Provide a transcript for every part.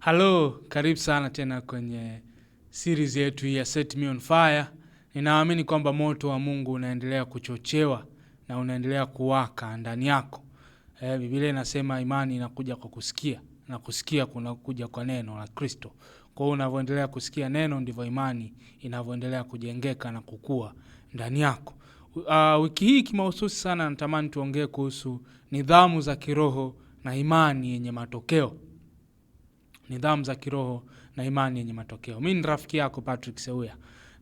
Halo, karibu sana tena kwenye series yetu ya Set Me on Fire. Ninaamini kwamba moto wa Mungu unaendelea kuchochewa na unaendelea kuwaka ndani yako. E, Biblia inasema imani inakuja kwa kusikia na kusikia kunakuja kwa neno la Kristo. Kwa hiyo unavyoendelea kusikia neno ndivyo imani inavyoendelea kujengeka na kukua ndani yako. Uh, wiki hii kimahususi sana natamani tuongee kuhusu nidhamu za kiroho na imani yenye matokeo nidhamu za kiroho na imani yenye matokeo. Mi ni rafiki yako Patrick Seuya,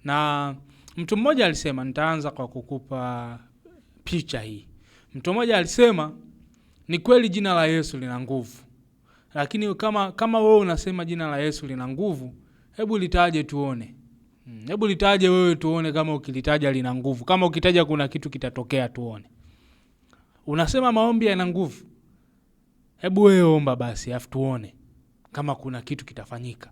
na mtu mmoja alisema, nitaanza kwa kukupa picha hii. Mtu mmoja alisema, ni kweli jina la Yesu lina nguvu, lakini kama kama wewe unasema jina la Yesu lina nguvu, hebu litaje tuone. Hmm, hebu litaje wewe tuone kama ukilitaja lina nguvu, kama ukitaja kuna kitu kitatokea tuone. Unasema maombi yana nguvu, hebu wewe omba basi afu tuone kama kuna kitu kitafanyika.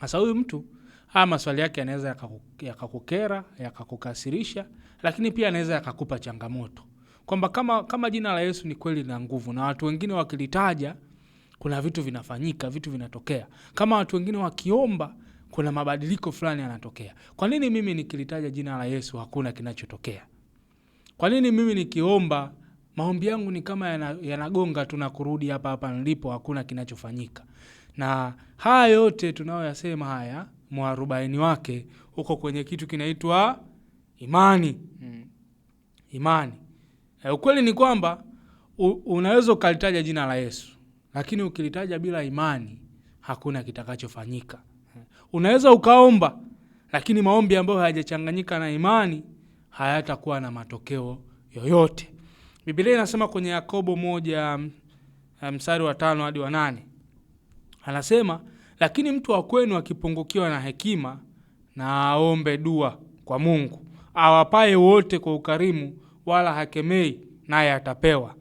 Sasa huyu mtu haya maswali yake yanaweza yakakukera, yakakukasirisha, lakini pia anaweza yakakupa changamoto kwamba kama, kama jina la Yesu ni kweli na nguvu na watu wengine wakilitaja kuna vitu vinafanyika, vitu vinatokea. Kama watu wengine wakiomba kuna mabadiliko fulani yanatokea. Kwa nini mimi nikilitaja jina la Yesu hakuna kinachotokea? Kwa nini mimi nikiomba maombi yangu ni kama yanagonga yana tu na kurudi hapa hapa nilipo, hakuna kinachofanyika. Na haya yote tunayoyasema haya, mwarobaini wake uko kwenye kitu kinaitwa imani hmm. Imani e, ukweli ni kwamba unaweza ukalitaja jina la Yesu, lakini ukilitaja bila imani hakuna kitakachofanyika. Hmm. Unaweza ukaomba, lakini maombi ambayo hayajachanganyika na imani hayatakuwa na matokeo yoyote. Biblia inasema kwenye Yakobo moja eh, mstari wa tano hadi wa nane anasema, lakini mtu wa kwenu akipungukiwa na hekima, na aombe dua kwa Mungu awapaye wote kwa ukarimu, wala hakemei, naye atapewa.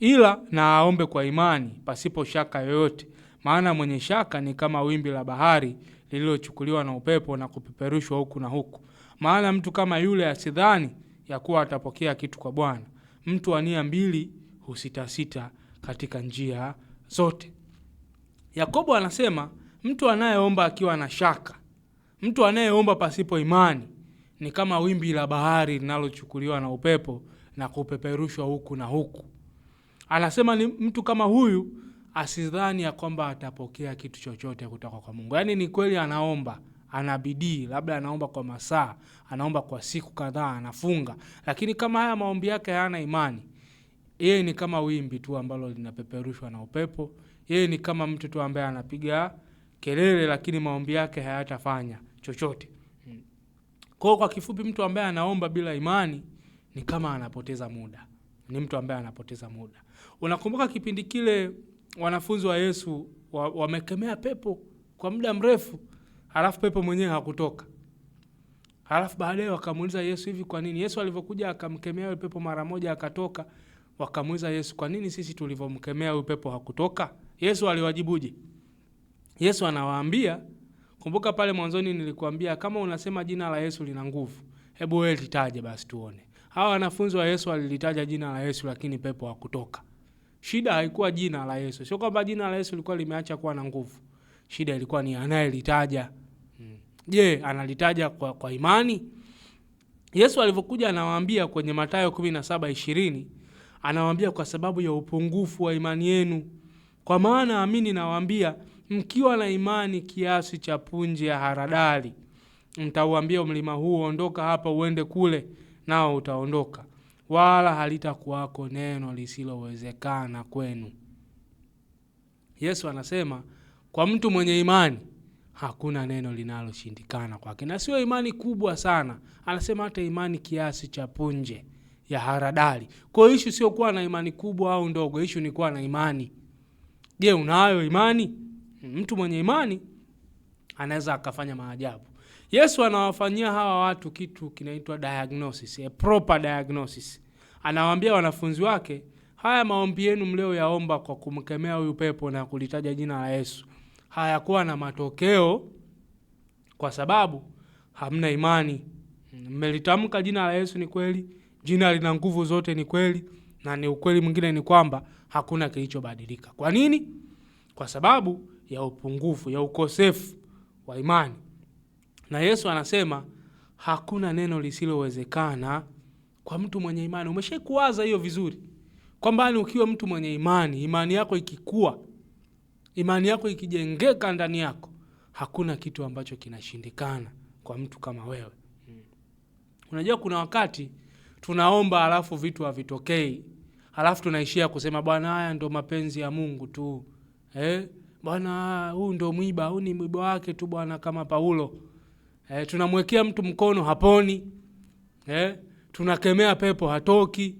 Ila na aombe kwa imani, pasipo shaka yoyote, maana mwenye shaka ni kama wimbi la bahari lililochukuliwa na upepo na kupeperushwa huku na huku. Maana mtu kama yule asidhani ya kuwa atapokea kitu kwa Bwana. Mtu wa nia mbili husitasita katika njia zote. Yakobo anasema mtu anayeomba akiwa na shaka, mtu anayeomba pasipo imani ni kama wimbi la bahari linalochukuliwa na upepo na kupeperushwa huku na huku. Anasema ni mtu kama huyu asidhani ya kwamba atapokea kitu chochote kutoka kwa Mungu. Yaani ni kweli anaomba, ana bidii, labda anaomba kwa masaa, anaomba kwa siku kadhaa, anafunga. Lakini kama haya maombi yake hayana imani, yeye ni kama wimbi tu ambalo linapeperushwa na upepo. Yeye ni kama mtu tu ambaye anapiga kelele, lakini maombi yake hayatafanya chochote. kwao kwa kifupi, mtu ambaye anaomba bila imani ni kama anapoteza muda, ni mtu ambaye anapoteza muda. Unakumbuka kipindi kile wanafunzi wa Yesu wamekemea wa pepo kwa muda mrefu, halafu pepo mwenyewe hakutoka. Halafu baadaye wakamuuliza Yesu, hivi kwa nini? Yesu alivyokuja akamkemea yule pepo mara moja akatoka. Wakamuuliza Yesu, kwa nini sisi tulivyomkemea yule pepo hakutoka? Yesu aliwajibuje? Yesu anawaambia, kumbuka pale mwanzoni nilikuambia kama unasema jina la Yesu lina nguvu, hebu wewe litaje basi tuone. Hawa wanafunzi wa Yesu walilitaja jina la Yesu, lakini pepo hakutoka. Shida haikuwa jina la Yesu, sio kwamba jina la Yesu lilikuwa limeacha kuwa na nguvu. Shida ilikuwa ni anayelitaja. Je, mm. analitaja kwa, kwa imani? Yesu alivyokuja anawaambia kwenye matayo kumi na saba ishirini anawaambia kwa sababu ya upungufu wa imani yenu, kwa maana amini nawaambia, mkiwa na imani kiasi cha punje ya haradali, mtauambia mlima huu, ondoka hapa uende kule, nao utaondoka, wala halitakuwako neno lisilowezekana kwenu. Yesu anasema kwa mtu mwenye imani hakuna neno linaloshindikana kwake, na sio imani kubwa sana, anasema hata imani kiasi cha punje ya haradali. Kwa hiyo ishu sio kuwa na imani kubwa au ndogo, ishu ni kuwa na imani. Je, unayo imani? Mtu mwenye imani anaweza akafanya maajabu. Yesu anawafanyia hawa watu kitu kinaitwa diagnosis, a proper diagnosis. Anawaambia wanafunzi wake, haya maombi yenu mlioyaomba kwa kumkemea huyu pepo na kulitaja jina la Yesu hayakuwa na matokeo kwa sababu hamna imani. Mmelitamka jina la Yesu, ni kweli, jina lina nguvu zote, ni kweli, na ni ukweli mwingine ni kwamba hakuna kilichobadilika. Kwa nini? Kwa sababu ya upungufu, ya ukosefu wa imani. Na Yesu anasema hakuna neno lisilowezekana kwa mtu mwenye imani. Umeshaikuwaza hiyo vizuri, kwamba yaani ukiwa mtu mwenye imani, imani yako ikikua Imani yako ikijengeka ndani yako, hakuna kitu ambacho kinashindikana kwa mtu kama wewe. Hmm. Unajua kuna wakati tunaomba alafu vitu havitokei, alafu tunaishia kusema bwana, haya ndo mapenzi ya Mungu tu eh? Bwana, huu ndo mwiba, huu ni mwiba wake tu bwana, kama Paulo eh, tunamwekea mtu mkono haponi eh? Tunakemea pepo hatoki,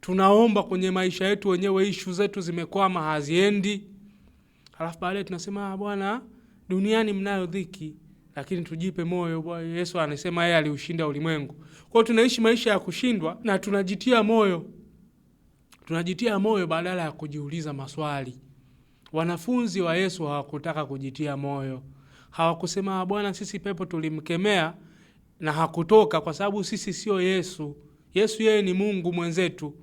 tunaomba kwenye maisha yetu wenyewe, ishu zetu zimekwama, haziendi Halafu baadaye tunasema ah, bwana, duniani mnayo dhiki, lakini tujipe moyo bwana. Yesu anasema yeye aliushinda ulimwengu. Kwa hiyo tunaishi maisha ya kushindwa na tunajitia moyo, tunajitia moyo badala ya kujiuliza maswali. Wanafunzi wa Yesu hawakutaka kujitia moyo, hawakusema ah, bwana, sisi pepo tulimkemea na hakutoka, kwa sababu sisi sio Yesu. Yesu yeye ni Mungu mwenzetu,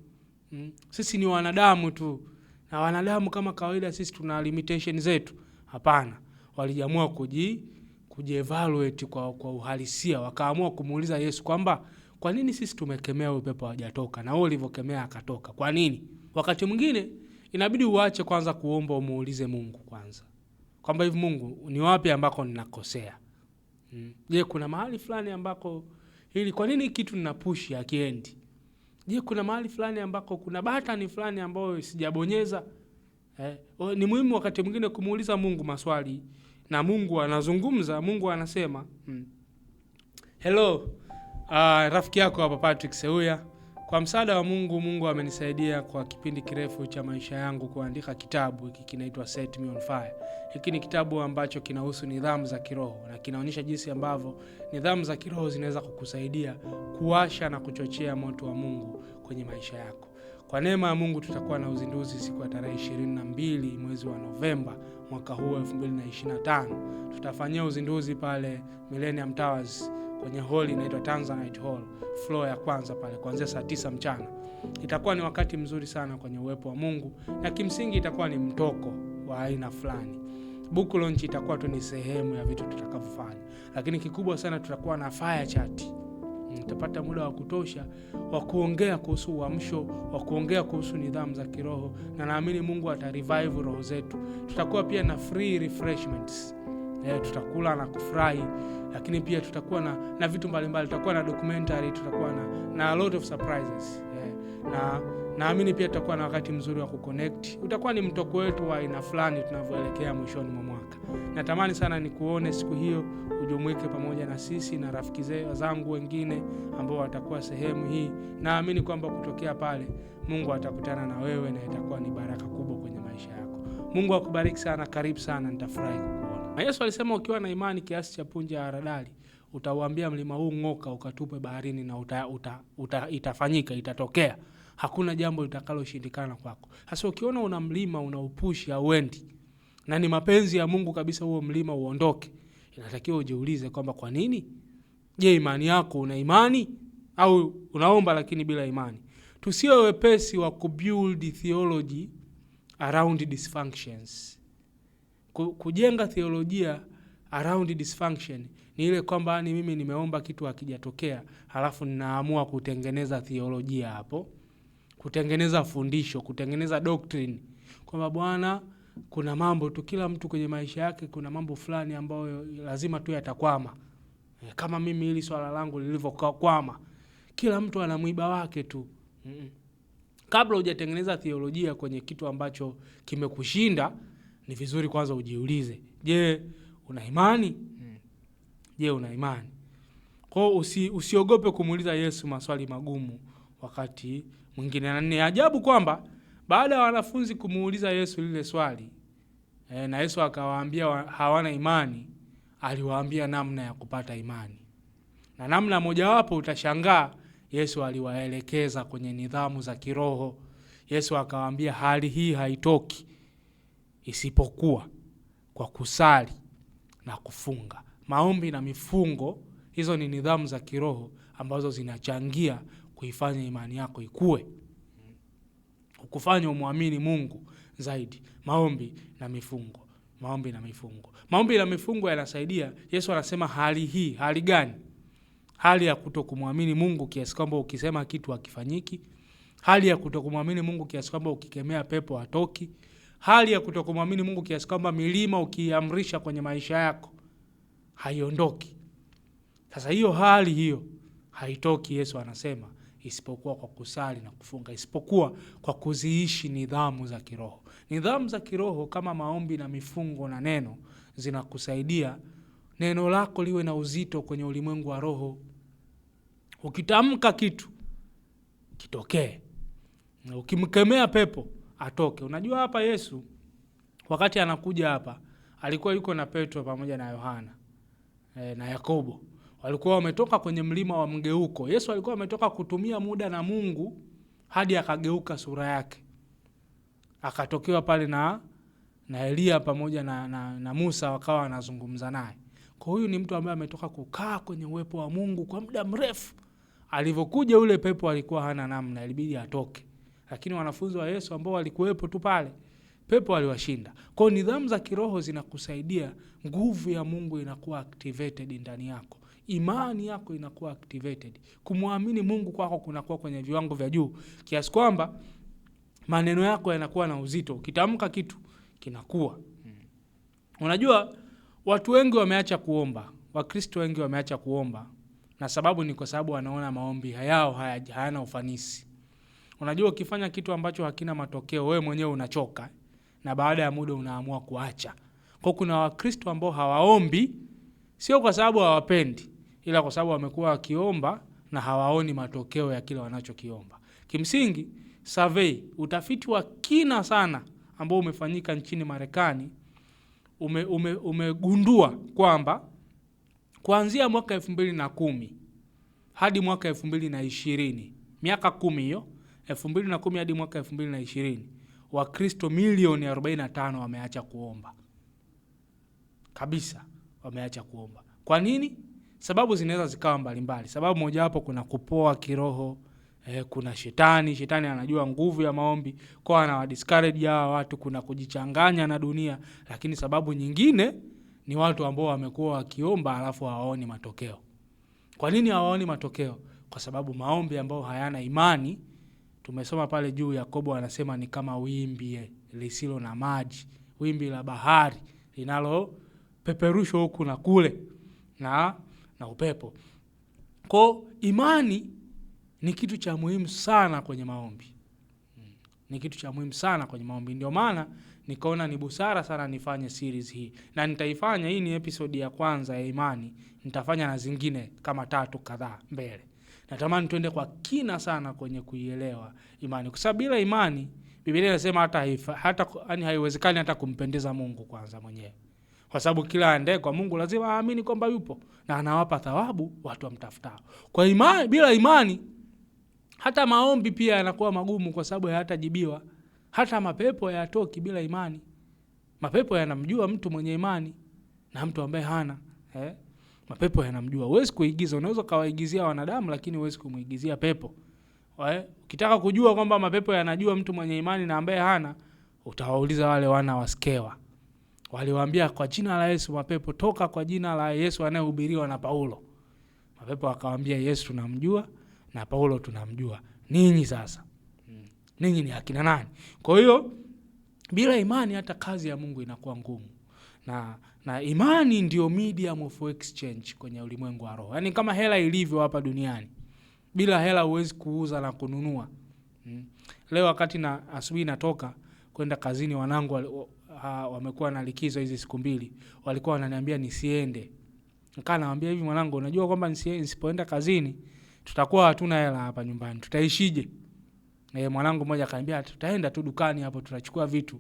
hmm. sisi ni wanadamu tu. Na wanadamu kama kawaida, sisi tuna limitation zetu. Hapana, walijamua kuji kujievaluate kwa, kwa uhalisia, wakaamua kumuuliza Yesu kwamba kwa nini sisi tumekemea huyu pepo hajatoka na wewe ulivyokemea akatoka? Kwa nini? Wakati mwingine inabidi uache kwanza kuomba, umuulize Mungu kwanza kwamba hivi Mungu, ni wapi ambako ninakosea? Hmm. Je, hmm, kuna mahali fulani ambako hili, kwa nini kitu ninapushi akiendi? Je, kuna mahali fulani ambako kuna batani fulani ambayo sijabonyeza? Eh, ni muhimu wakati mwingine kumuuliza Mungu maswali na Mungu anazungumza, Mungu anasema. Hmm. Hello, uh, rafiki yako hapa Patrick Seuya kwa msaada wa Mungu, Mungu amenisaidia kwa kipindi kirefu cha maisha yangu kuandika kitabu hiki, kinaitwa Set Me on Fire. Hiki ni kitabu ambacho kinahusu nidhamu za kiroho na kinaonyesha jinsi ambavyo nidhamu za kiroho zinaweza kukusaidia kuwasha na kuchochea moto wa Mungu kwenye maisha yako. Kwa neema ya Mungu tutakuwa na uzinduzi siku ya tarehe 22 mwezi wa Novemba mwaka huu 2025. Tutafanyia uzinduzi pale Millennium Towers kwenye hall inaitwa Tanzanite Hall, floor ya kwanza pale, kuanzia saa tisa mchana. Itakuwa ni wakati mzuri sana kwenye uwepo wa Mungu, na kimsingi itakuwa ni mtoko wa aina fulani. Book launch itakuwa tu ni sehemu ya vitu tutakavyofanya, lakini kikubwa sana tutakuwa na fire chat mm, Utapata muda wa kutosha wa kuongea kuhusu uamsho, wa kuongea kuhusu nidhamu za kiroho, na naamini Mungu atarevive roho zetu. Tutakuwa pia na free refreshments e, tutakula na kufurahi, lakini pia tutakuwa na, na vitu mbalimbali, tutakuwa na documentary, tutakuwa na, na a lot of surprises eh, na naamini pia tutakuwa na wakati mzuri wa kuconnect. Utakuwa ni mtoko wetu wa aina fulani tunavyoelekea mwishoni mwa mwaka. Natamani sana nikuone siku hiyo, ujumuike pamoja na sisi na rafiki zangu wengine ambao watakuwa sehemu hii. Naamini kwamba kutokea pale Mungu atakutana na wewe na itakuwa ni baraka kubwa kwenye maisha yako. Mungu akubariki sana, karibu sana, nitafurahi. Na Yesu alisema ukiwa na imani kiasi cha punje ya haradali utauambia mlima huu ng'oka ukatupe baharini na uta, uta, uta, itafanyika itatokea. Hakuna jambo litakaloshindikana kwako. Sasa ukiona una mlima unaupushi hauendi na ni mapenzi ya Mungu kabisa huo mlima uondoke, inatakiwa ujiulize kwamba kwa nini? Je, imani yako una imani au unaomba lakini bila imani? Tusiwe wepesi wa kubuild theology around dysfunctions kujenga theolojia around dysfunction ni ile kwamba ni yaani mimi nimeomba kitu hakijatokea, halafu ninaamua kutengeneza theolojia hapo, kutengeneza fundisho, kutengeneza doctrine kwamba bwana, kuna mambo tu, kila mtu kwenye maisha yake kuna mambo fulani ambayo lazima tu yatakwama, eh, kama mimi hili swala langu lilivyokwama. Kila mtu ana mwiba wake tu mm Kabla hujatengeneza theolojia kwenye kitu ambacho kimekushinda ni vizuri kwanza ujiulize, je, una imani? Hmm. Je, una imani? Kwa hiyo usi, usiogope kumuuliza Yesu maswali magumu wakati mwingine, na ni ajabu kwamba baada ya wanafunzi kumuuliza Yesu lile swali e, na Yesu akawaambia hawana imani, aliwaambia namna ya kupata imani, na namna mojawapo utashangaa, Yesu aliwaelekeza kwenye nidhamu za kiroho. Yesu akawaambia hali hii haitoki isipokuwa kwa kusali na kufunga. Maombi na mifungo, hizo ni nidhamu za kiroho ambazo zinachangia kuifanya imani yako ikue, ukufanya umwamini Mungu zaidi. Maombi na mifungo, maombi na mifungo, maombi na mifungo yanasaidia. Yesu anasema hali hii, hali gani? Hali ya kutokumwamini Mungu kiasi kwamba ukisema kitu hakifanyiki, hali ya kutokumwamini Mungu kiasi kwamba ukikemea pepo hatoki hali ya kutokumwamini Mungu kiasi kwamba milima ukiamrisha kwenye maisha yako haiondoki. Sasa hiyo hali hiyo haitoki, Yesu anasema isipokuwa kwa kusali na kufunga, isipokuwa kwa kuziishi nidhamu za kiroho. Nidhamu za kiroho kama maombi na mifungo na neno zinakusaidia neno lako liwe na uzito kwenye ulimwengu wa roho. Ukitamka kitu kitokee, ukimkemea pepo atoke. Unajua hapa Yesu wakati anakuja hapa alikuwa yuko na Petro pamoja na Yohana e, na Yakobo walikuwa wametoka kwenye mlima wa mgeuko. Yesu alikuwa ametoka kutumia muda na Mungu hadi akageuka sura yake akatokewa pale na, na Eliya pamoja na, na, na Musa wakawa wanazungumza naye. Kwa huyu ni mtu ambaye ametoka kukaa kwenye uwepo wa Mungu kwa muda mrefu. Alivyokuja ule pepo alikuwa hana namna, ilibidi atoke lakini wanafunzi wa Yesu ambao walikuwepo tu pale pepo aliwashinda. Kwa nidhamu za kiroho zinakusaidia, nguvu ya Mungu inakuwa activated ndani yako, imani yako inakuwa activated, kumwamini Mungu kwako kunakuwa kwenye viwango vya juu kiasi kwamba maneno yako yanakuwa na uzito, ukitamka kitu kinakuwa. Unajua, watu wengi wameacha kuomba, Wakristo wengi wameacha kuomba, na sababu ni kwa sababu wanaona maombi yao hayana ufanisi. Unajua ukifanya kitu ambacho hakina matokeo wewe mwenyewe unachoka na baada ya muda unaamua kuacha. Kwa kuna Wakristo ambao hawaombi sio kwa sababu hawapendi ila kwa sababu wamekuwa wakiomba na hawaoni matokeo ya kile wanachokiomba. Kimsingi, survey, utafiti wa kina sana ambao umefanyika nchini Marekani ume, ume, umegundua kwamba kuanzia mwaka elfu mbili na kumi hadi mwaka elfu mbili na ishirini miaka kumi hiyo 2010 hadi mwaka 2020 Wakristo milioni 45 wameacha kuomba kabisa, wameacha kuomba. Kwa nini? Sababu zinaweza zikawa mbalimbali. Sababu mojawapo, kuna kupoa kiroho eh, kuna shetani. Shetani anajua nguvu ya maombi, kwa anawa discourage hawa watu. Kuna kujichanganya na dunia, lakini sababu nyingine ni watu ambao wamekuwa wakiomba alafu hawaoni matokeo. Kwa nini hawaoni matokeo? Kwa sababu maombi ambayo hayana imani tumesoma pale juu, Yakobo anasema ni kama wimbi lisilo na maji, wimbi la bahari linalopeperushwa huku na kule na, na upepo. Kwa imani ni kitu cha muhimu sana kwenye maombi, hmm, ni kitu cha muhimu sana kwenye maombi. Ndio maana nikaona ni busara sana nifanye series hii, na nitaifanya hii ni episodi ya kwanza ya imani. Nitafanya na zingine kama tatu kadhaa mbele. Natamani tuende kwa kina sana kwenye kuielewa imani, kwa sababu bila imani Biblia inasema hata haifa, hata yani haiwezekani hata kumpendeza Mungu kwanza mwenyewe, kwa sababu kila ande kwa Mungu lazima aamini kwamba yupo na anawapa thawabu watu wamtafutao. Kwa imani, bila imani hata maombi pia yanakuwa magumu, kwa sababu hayatajibiwa. Hata mapepo hayatoki bila imani. Mapepo yanamjua mtu mwenye imani na mtu ambaye hana eh? mapepo yanamjua. Huwezi kuigiza, unaweza ukawaigizia wanadamu, lakini huwezi kumuigizia pepo. Ukitaka kujua kwamba mapepo yanajua mtu mwenye imani na ambaye hana, utawauliza wale wana wa Skewa, waliwaambia kwa jina la Yesu mapepo toka, kwa jina la Yesu anayehubiriwa na Paulo. Mapepo akawaambia, Yesu tunamjua na Paulo tunamjua, ninyi sasa, hmm. ninyi ni akina nani? Kwa hiyo bila imani hata kazi ya Mungu inakuwa ngumu na na imani ndio medium of exchange kwenye ulimwengu wa roho, yaani kama hela ilivyo hapa duniani. Bila hela huwezi kuuza na kununua hmm. Leo wakati na asubuhi natoka kwenda kazini, wanangu wamekuwa na likizo hizi siku mbili, walikuwa wananiambia nisiende, nikaa nawambia hivi, mwanangu, unajua kwamba nisipoenda kazini tutakuwa hatuna hela hapa nyumbani, tutaishije? E, mwanangu mmoja akaniambia tutaenda tu dukani hapo tutachukua vitu.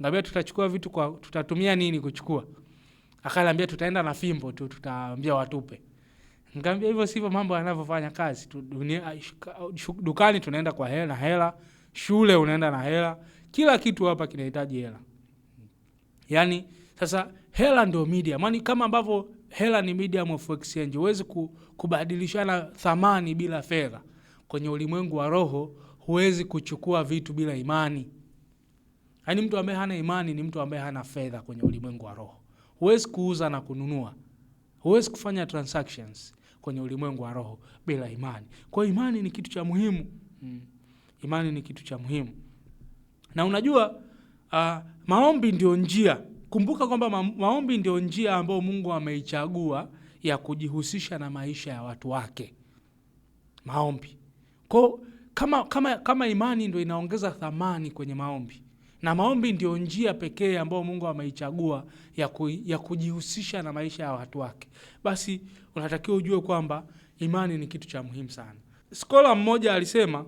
Ngambia tutachukua vitu kwa, tutatumia nini kuchukua Akaniambia tutaenda na fimbo tu, tutaambia watupe. Nikamwambia hivyo sivyo mambo yanavyofanya kazi tu. Dunia, dukani tunaenda kwa hela, na hela shule unaenda na hela, kila kitu hapa kinahitaji hela. Yani sasa hela ndio medium, yaani kama ambavyo hela ni medium of exchange. Huwezi kubadilishana thamani bila fedha. Kwenye ulimwengu wa roho huwezi kuchukua vitu bila imani. Yani mtu ambaye hana imani ni mtu ambaye hana fedha kwenye ulimwengu wa roho. Huwezi kuuza na kununua, huwezi kufanya transactions kwenye ulimwengu wa roho bila imani. Kwa hiyo imani ni kitu cha muhimu mm. Imani ni kitu cha muhimu na unajua uh, maombi ndio njia. Kumbuka kwamba ma maombi ndio njia ambayo Mungu ameichagua ya kujihusisha na maisha ya watu wake. Maombi kwa kama, kama, kama imani ndio inaongeza thamani kwenye maombi na maombi ndio njia pekee ambayo Mungu ameichagua ya, ku, ya kujihusisha na maisha ya watu wake. Basi unatakiwa ujue kwamba imani ni kitu cha muhimu sana. Skola mmoja alisema,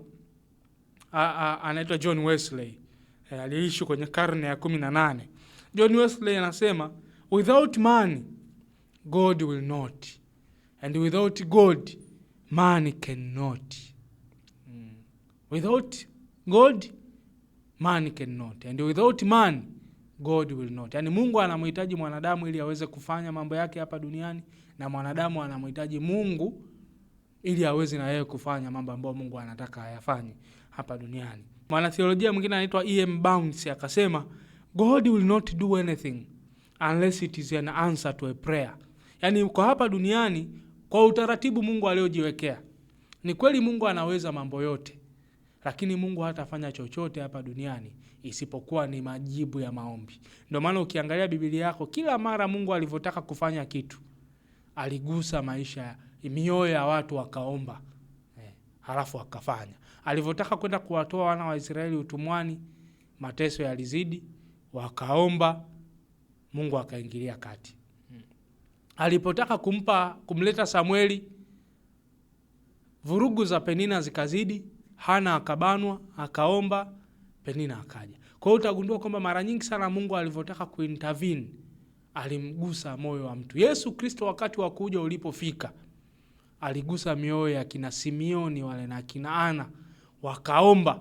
anaitwa John Wesley, e, aliishi kwenye karne ya kumi na nane. John Wesley anasema without man God will not and without God man cannot. Hmm. Without God man cannot and without man God will not. Yaani Mungu anamhitaji mwanadamu ili aweze kufanya mambo yake hapa duniani na mwanadamu anamhitaji Mungu ili aweze na yeye kufanya mambo ambayo Mungu anataka ayafanye hapa duniani. Mwanatheolojia mwingine anaitwa E.M. Bounds akasema God will not do anything unless it is an answer to a prayer. Yaani kwa hapa duniani kwa utaratibu Mungu aliojiwekea. Ni kweli Mungu anaweza mambo yote lakini Mungu hatafanya chochote hapa duniani isipokuwa ni majibu ya maombi. Ndio maana ukiangalia Biblia yako kila mara Mungu alivyotaka kufanya kitu aligusa maisha, mioyo ya watu wakaomba, eh, halafu akafanya. Alivyotaka kwenda kuwatoa wana wa Israeli utumwani, mateso yalizidi, wakaomba, Mungu akaingilia kati. Alipotaka kumpa kumleta Samueli, vurugu za Penina zikazidi Hana akabanwa, akaomba, Penina akaja. Kwa hiyo utagundua kwamba mara nyingi sana Mungu alivyotaka kuintervene alimgusa moyo wa mtu. Yesu Kristo wakati wa kuja ulipofika aligusa mioyo ya kina Simioni wale na kina Ana wakaomba,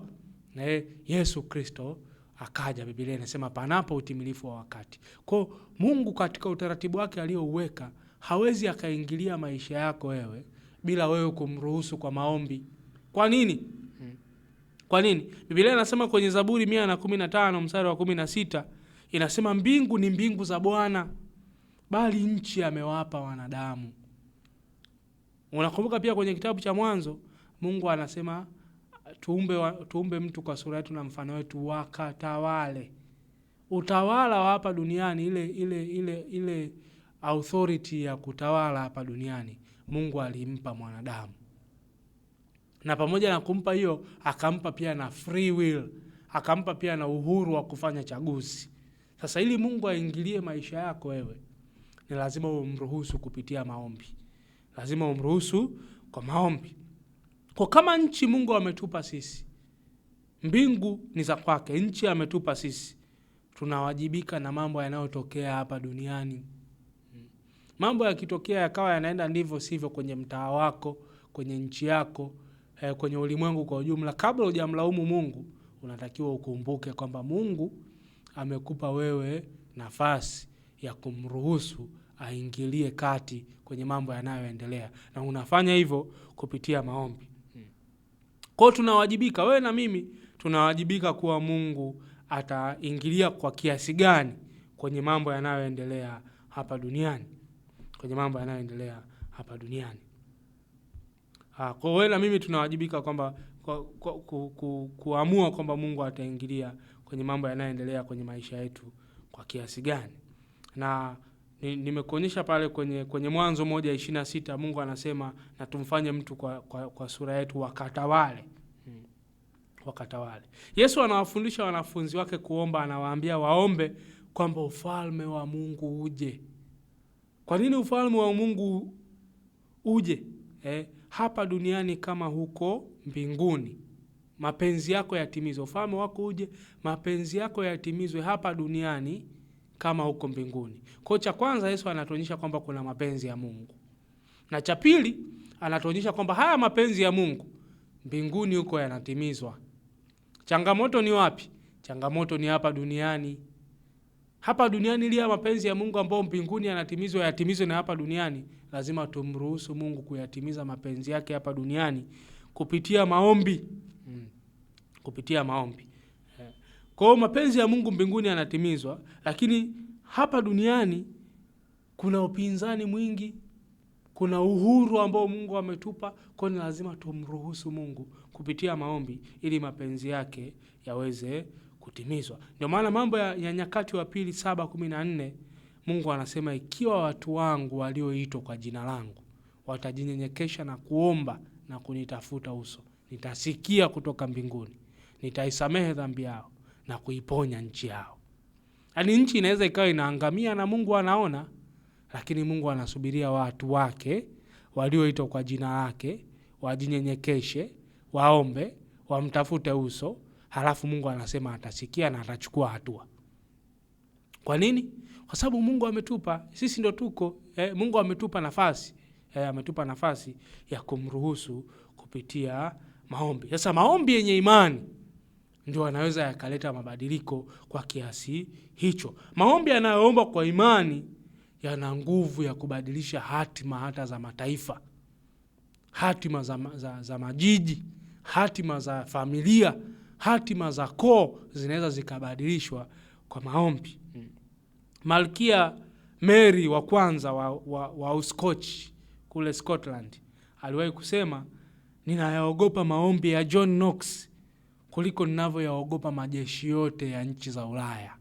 na Yesu Kristo akaja. Biblia inasema panapo utimilifu wa wakati. Kwa Mungu katika utaratibu wake aliouweka hawezi akaingilia maisha yako wewe bila wewe kumruhusu kwa maombi. Kwa nini? Kwa nini? Biblia inasema kwenye Zaburi mia na kumi na tano mstari wa kumi na sita inasema mbingu ni mbingu za Bwana, bali nchi amewapa wanadamu. Unakumbuka pia kwenye kitabu cha Mwanzo Mungu anasema tuumbe, wa, tuumbe mtu kwa sura yetu na mfano wetu wakatawale. Utawala wa hapa duniani ile, ile, ile, ile authority ya kutawala hapa duniani Mungu alimpa mwanadamu na pamoja na kumpa hiyo akampa pia na free will, akampa pia na uhuru wa kufanya chaguzi. Sasa ili Mungu aingilie maisha yako wewe, ni lazima umruhusu kupitia maombi, lazima umruhusu kwa maombi. Kwa kama nchi Mungu ametupa sisi, mbingu ni za kwake, nchi ametupa sisi, tunawajibika na mambo yanayotokea hapa duniani. Mambo yakitokea yakawa yanaenda ndivyo sivyo kwenye mtaa wako, kwenye nchi yako eh, kwenye ulimwengu kwa ujumla, kabla hujamlaumu Mungu, unatakiwa ukumbuke kwamba Mungu amekupa wewe nafasi ya kumruhusu aingilie kati kwenye mambo yanayoendelea, na unafanya hivyo kupitia maombi. Kwa hiyo tunawajibika, wewe na mimi tunawajibika kuwa Mungu ataingilia kwa kiasi gani kwenye mambo yanayoendelea hapa duniani, kwenye mambo yanayoendelea hapa duniani. Ah, kwa wewe na mimi tunawajibika kwamba kwa, kwa, ku, ku, kuamua kwamba Mungu ataingilia kwenye mambo yanayoendelea kwenye maisha yetu kwa kiasi gani. Na nimekuonyesha ni pale kwenye, kwenye Mwanzo moja ishirini na sita Mungu anasema na tumfanye mtu kwa, kwa, kwa sura yetu wakatawale hmm. Wakatawale. Yesu anawafundisha wanafunzi wake kuomba, anawaambia waombe kwamba ufalme wa Mungu uje. Kwa nini ufalme wa Mungu uje eh? hapa duniani kama huko mbinguni. Mapenzi yako yatimizwe, ufalme wako uje, mapenzi yako yatimizwe hapa duniani kama huko mbinguni. Kwa cha kwanza, Yesu anatuonyesha kwamba kuna mapenzi ya Mungu, na cha pili anatuonyesha kwamba haya mapenzi ya Mungu mbinguni huko yanatimizwa. Changamoto ni wapi? Changamoto ni hapa duniani. Hapa duniani ili mapenzi ya Mungu ambayo mbinguni yanatimizwa yatimizwe na hapa duniani, lazima tumruhusu Mungu kuyatimiza mapenzi yake hapa duniani kupitia maombi mm. kupitia maombi eh. Kwa hiyo mapenzi ya Mungu mbinguni yanatimizwa, lakini hapa duniani kuna upinzani mwingi, kuna uhuru ambao Mungu ametupa. Kwa hiyo ni lazima tumruhusu Mungu kupitia maombi ili mapenzi yake yaweze kutimizwa. Ndio maana mambo ya, ya Nyakati wa Pili saba kumi na nne Mungu anasema ikiwa watu wangu walioitwa kwa jina langu watajinyenyekesha na kuomba na kunitafuta uso, nitasikia kutoka mbinguni, nitaisamehe dhambi yao na kuiponya nchi yao. Yaani nchi inaweza ikawa inaangamia na Mungu anaona, lakini Mungu anasubiria watu wake walioitwa kwa jina lake wajinyenyekeshe, waombe, wamtafute uso, halafu Mungu anasema atasikia na atachukua hatua. Kwa nini? kwa sababu Mungu ametupa sisi, ndo tuko eh, Mungu ametupa nafasi eh, ametupa nafasi ya kumruhusu kupitia maombi. Sasa maombi yenye imani ndio anaweza yakaleta mabadiliko kwa kiasi hicho. Maombi yanayoomba kwa imani yana nguvu ya kubadilisha hatima hata za mataifa, hatima za, za, za majiji, hatima za familia, hatima za koo zinaweza zikabadilishwa kwa maombi. Malkia Mary wa kwanza wa, wa, wa Uskochi kule Scotland aliwahi kusema, ninayaogopa maombi ya John Knox kuliko ninavyoyaogopa majeshi yote ya nchi za Ulaya.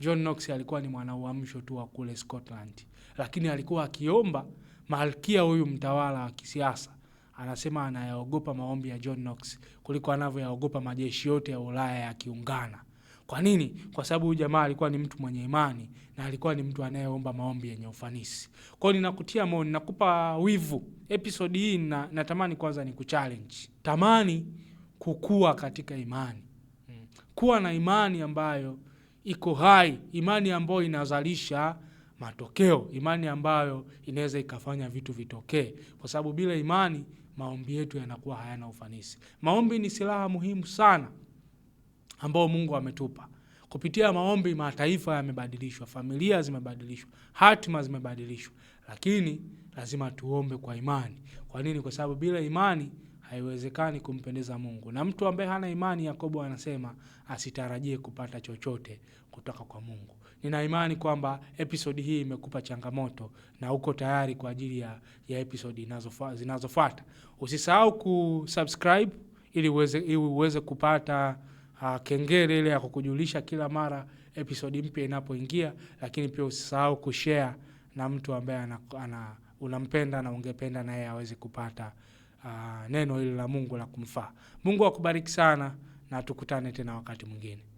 John Knox alikuwa ni mwanauamsho tu wa kule Scotland, lakini alikuwa akiomba malkia huyu mtawala wa kisiasa anasema anayaogopa maombi ya John Knox kuliko anavyoyaogopa majeshi yote ya Ulaya yakiungana. Kwa nini? Kwa sababu huyu jamaa alikuwa ni mtu mwenye imani na alikuwa ni mtu anayeomba maombi yenye ufanisi. Kwa hiyo ninakutia moyo, ninakupa wivu. Episodi hii na, natamani kwanza ni kuchallenge. Tamani kukua katika imani. Hmm. Kuwa na imani ambayo iko hai, imani ambayo inazalisha matokeo, imani ambayo inaweza ikafanya vitu vitokee, kwa sababu bila imani maombi yetu yanakuwa hayana ufanisi. Maombi ni silaha muhimu sana ambao Mungu ametupa. Kupitia maombi, mataifa yamebadilishwa, familia zimebadilishwa, hatima zimebadilishwa, lakini lazima tuombe kwa imani. Kwa nini? Kwa sababu bila imani haiwezekani kumpendeza Mungu, na mtu ambaye hana imani, Yakobo anasema asitarajie kupata chochote kutoka kwa Mungu. Nina imani kwamba episodi hii imekupa changamoto na uko tayari kwa ajili ya, ya episodi zinazofuata. Usisahau kusubscribe ili uweze, ili uweze kupata uh, kengele ile ya kukujulisha kila mara episodi mpya inapoingia, lakini pia usisahau kushare na mtu ambaye ana, ana, unampenda na ungependa naye aweze kupata uh, neno hili la Mungu la kumfaa. Mungu akubariki sana na tukutane tena wakati mwingine.